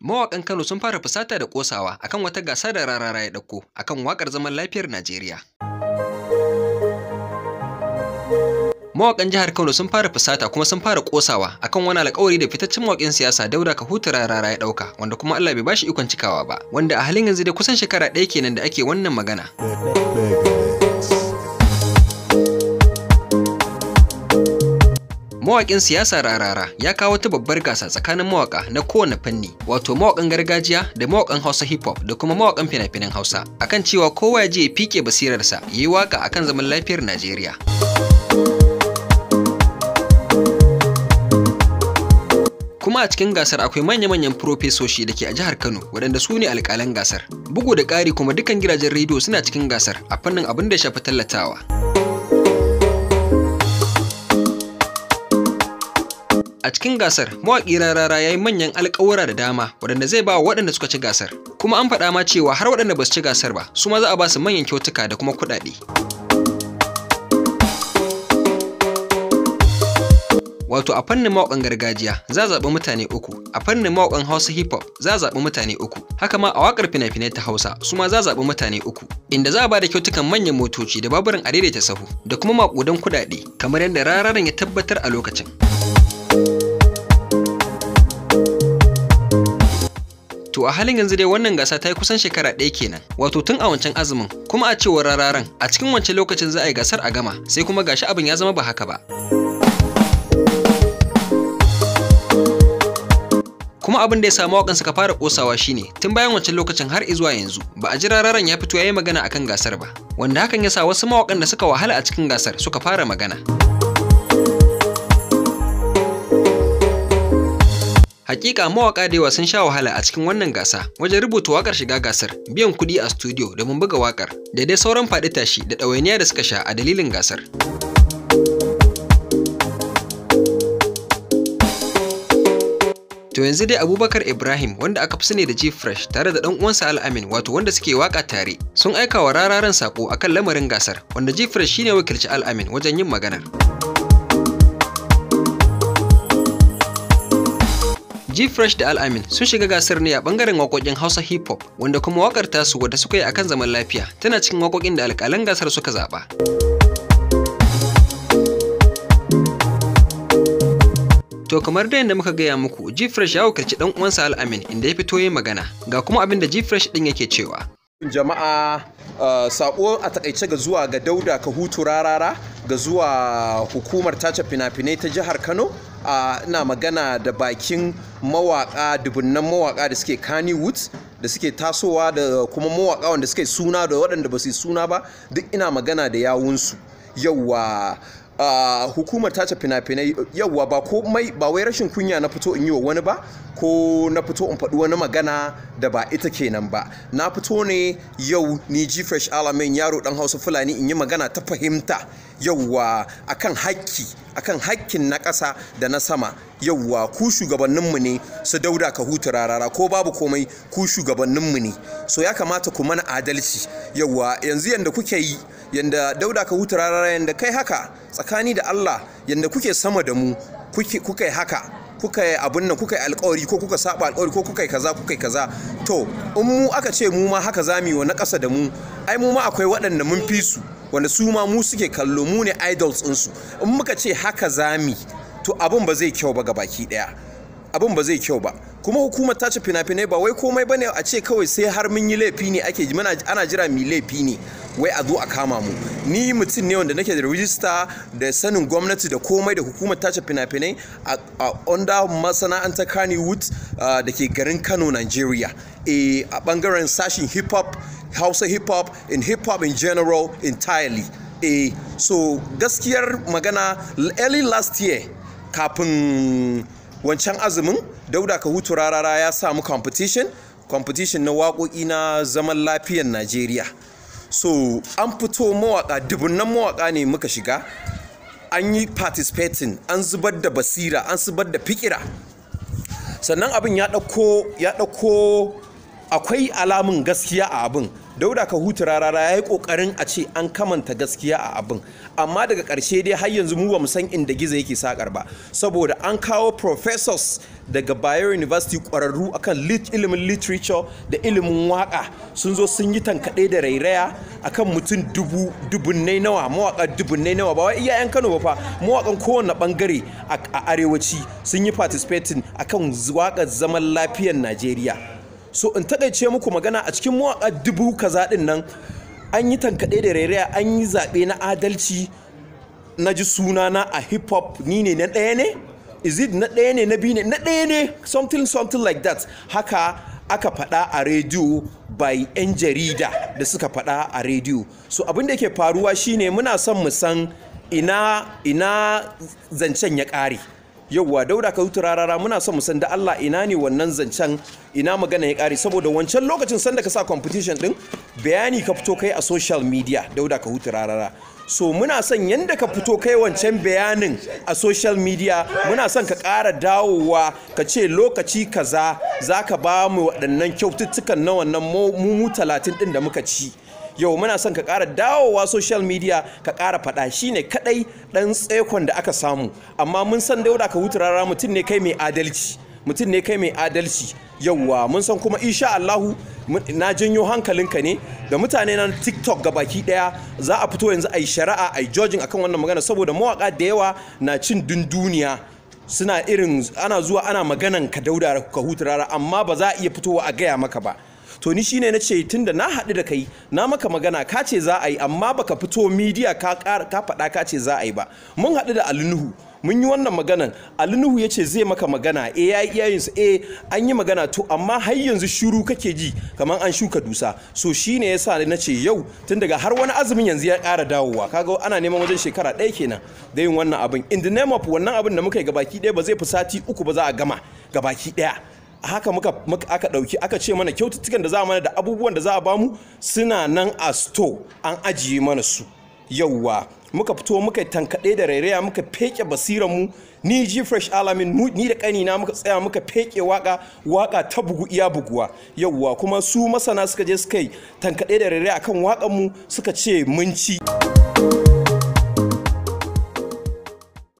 Mawakan Kano sun fara fusata da ƙosawa akan wata gasa da rarara ya ɗauko akan wakar zaman lafiyar Najeriya. Mawakan jihar Kano sun fara fusata kuma sun fara ƙosawa akan wani alƙawari da fitaccen mawakin siyasa Dauda Kahutu rarara ya ɗauka wanda kuma Allah bai bashi ikon cikawa ba wanda a halin yanzu da kusan shekara ɗaya kenan da ake wannan magana. mawaƙin siyasa rarara ya kawo ta babbar gasa tsakanin mawaka na kowane fanni wato mawaƙan gargajiya da mawaƙan hausa hip hop da kuma mawakan fina-finan hausa akan cewa kowa ya je ya fike basirarsa ya yi waka akan zaman lafiyar najeriya kuma a cikin gasar akwai manya-manyan furofesoshi da ke a jihar Kano waɗanda su ne alƙalan gasar. Bugu da ƙari kuma dukkan gidajen rediyo suna cikin gasar a fannin abin da shafi tallatawa. A cikin gasar, mawaƙi Rarara ya yi manyan alƙawura da dama waɗanda zai ba wa waɗanda suka ci gasar. Kuma an faɗa ma cewa har waɗanda ba su ci gasar ba, su ma za a ba su manyan kyautuka da kuma kuɗaɗe. Wato a fannin mawaƙan gargajiya za zaɓi mutane uku, a fannin mawaƙan Hausa hip hop za zaɓi mutane uku, haka ma a waƙar fina-finai ta Hausa su ma za zaɓi mutane uku, inda za a ba da kyautukan manyan motoci da baburin adaidaita sahu da kuma maƙudan kuɗaɗe kamar yadda rararen ya tabbatar a lokacin. To a halin yanzu dai wannan gasa ta yi kusan shekara ɗaya kenan, wato tun a wancan azumin, kuma a cewar rararen a cikin wancan lokacin za a yi gasar a gama, sai kuma gashi abin ya zama ba haka ba. kuma abin da ya samu wakan suka fara kosawa shine tun bayan wancan lokacin har izuwa yanzu ba a ji rararen ya fito ya yi magana akan gasar ba wanda hakan ya sa wasu mawakan da suka wahala a cikin gasar suka fara magana. Hakika mawaka da yawa sun sha wahala a cikin wannan gasa wajen rubuta wakar shiga gasar, biyan kuɗi a studio domin buga wakar, da dai sauran faɗi tashi da ɗawainiya da suka sha a dalilin gasar. To yanzu dai Abubakar Ibrahim wanda aka fi sani da Chief Fresh tare da dan uwansa Al-Amin wato wanda suke waka tare sun aika wa rararen sako akan lamarin gasar wanda Chief Fresh shine wakilci Al-Amin wajen yin maganar. G-Fresh da Al-Amin sun shiga gasar ne a bangaren waƙoƙin Hausa Hip Hop wanda kuma waƙar tasu wadda suka yi akan zaman lafiya tana cikin waƙoƙin da alƙalan gasar suka zaɓa. To kamar da yadda muka gaya muku G-Fresh ya wakilci ɗan uwansa Al-Amin inda ya fito yin magana ga kuma abin da G-Fresh ɗin yake cewa. Jama'a uh, a takaice ga zuwa ga Dauda ka hutu Rarara ga zuwa hukumar tace fina-finai ta jihar kano ina magana da bakin mawaka dubunnan mawaka da suke kani woods da suke tasowa da kuma mawaka wanda suke suna da waɗanda ba su suna ba duk ina magana da yawunsu yauwa hukumar tace fina-finai yauwa ba komai ba wai rashin kunya na fito in yi wa wani ba ko na fito in faɗi wani magana da ba ita kenan ba na fito ne yau ni ji fresh alamin yaro dan hausa fulani in yi magana ta fahimta yauwa akan hakki akan hakkin na ƙasa da na sama yauwa ku shugabanninmu ne su dauda ka hutu rarara ko babu komai ku shugabanninmu ne so ya kamata ku mana adalci yauwa yanzu yanda kuke yi yanda dauda ka huta rarara yanda kai haka tsakani da Allah yanda kuke sama da mu kuka yi haka kuka yi abin nan kuka yi alkawari ko kuka saba alkawari ko kuka yi kaza kuka yi kaza to in mu aka ce mu ma haka za mu yi wani na ƙasa da mu ai mu ma akwai waɗanda mun fi su wanda su ma mu suke kallo mu ne idols su. in muka ce haka za mu to abin ba zai kyau ba ga baki ɗaya abin ba zai kyau ba kuma hukumar ta ce fina-finai ba wai komai bane a ce kawai sai har mun yi laifi ne ake ana jira mu laifi ne wai a zo a kama mu ni mutum ne wanda nake da rijista da sanin gwamnati da komai da hukumar tace fina-finai a onda masana'antar kannywood da ke garin kano nigeria e, a bangaren sashen hip hop hausa hip hop in hip hop in general entirely e so gaskiyar magana early last year kafin wancan azumin dauda ka hutu rarara ya samu competition competition na waƙoƙi na zaman lafiyar najeriya so an fito mawaka dubunan mawaka ne muka shiga an yi participating an zubar da basira an zubar da fikira sannan abin ya ya ɗauko akwai alamun gaskiya a abin dauda ka hutu rarara ya yi kokarin a ce an kamanta gaskiya a abin amma daga karshe dai har yanzu mu ba mu san inda gizo yake sakar ba saboda an kawo professors daga Bayero University kwararru akan ilimin literature da ilimin waka sun zo sun yi tankaɗe da rairaya akan mutum dubu dubunnai nawa mawaka dubunnai nawa ba wai iyayen Kano ba fa mawakan kowanne bangare a arewaci sun yi participating akan waka zaman lafiyar Najeriya so in taƙaice muku magana a cikin mawaƙa dubu kaza ɗin nan an yi tankaɗe da rairaya an yi zaɓe na adalci na ji sunana a hip hop ni ne na ɗaya ne is it na ɗaya ne na biyu ne na ɗaya ne something something like that haka aka faɗa a rediyo by 'yan jarida da suka faɗa a rediyo so abin da ke faruwa shine muna son mu san ina ina zancen ya ƙare yauwa dauda ka hutu rarara muna son mu san da Allah ina ne wannan zancen ina magana ya kare saboda wancan lokacin sanda ka sa competition din bayani ka fito kai a social media dauda ka hutu rarara so muna son yanda ka fito kai wancan bayanin a social media muna son ka ƙara dawowa ka ce lokaci kaza za ka ba mu waɗannan kyaututtukan na wannan mu talatin ɗin da muka ci yau muna son ka ƙara dawowa social media ka ƙara faɗa ne kaɗai ɗan tsekon da aka samu amma mun san dauda ka huturara mutum ne kai mai adalci mutum ne kai mai adalci yauwa mun san kuma insha Allahu na janyo hankalinka ne da mutane na TikTok ga baki daya za a fito yanzu ai shari'a ai judging akan wannan magana saboda mawaka da yawa na cin dunduniya suna irin ana zuwa ana maganan ka dauda ka hutu rara amma ba za a iya fitowa a gaya maka ba to ni shine na ce tunda na haɗu da kai na maka magana ka ce za a yi amma baka fito midiya ka faɗa ka ce za a yi ba mun haɗu da alinuhu mun yi wannan maganan alinuhu ya ce zai maka magana e ya yi iyayensu e eh, an yi magana to amma har yanzu shuru kake ji kamar an shuka dusa so shi ne ya sa na ce yau tun daga har wani azumin yanzu ya kara dawowa kaga ana neman wajen shekara ɗaya kenan da yin wannan abin in the name of wannan abin da muka yi gabaki ɗaya ba zai fi sati uku ba za a gama gabaki ɗaya haka muka aka dauki aka ce mana kyaututtukan da za mana da abubuwan da za a bamu suna nan a store an ajiye mana su yauwa muka fito muka tankaɗe da rairaya muka feke basiran mu ni ji fresh alamin ni da kani na muka tsaya muka feke waka waka ta bugu iya buguwa yauwa kuma su masana suka je suka yi tankaɗe da rairaya akan wakan mu suka ce mun ci.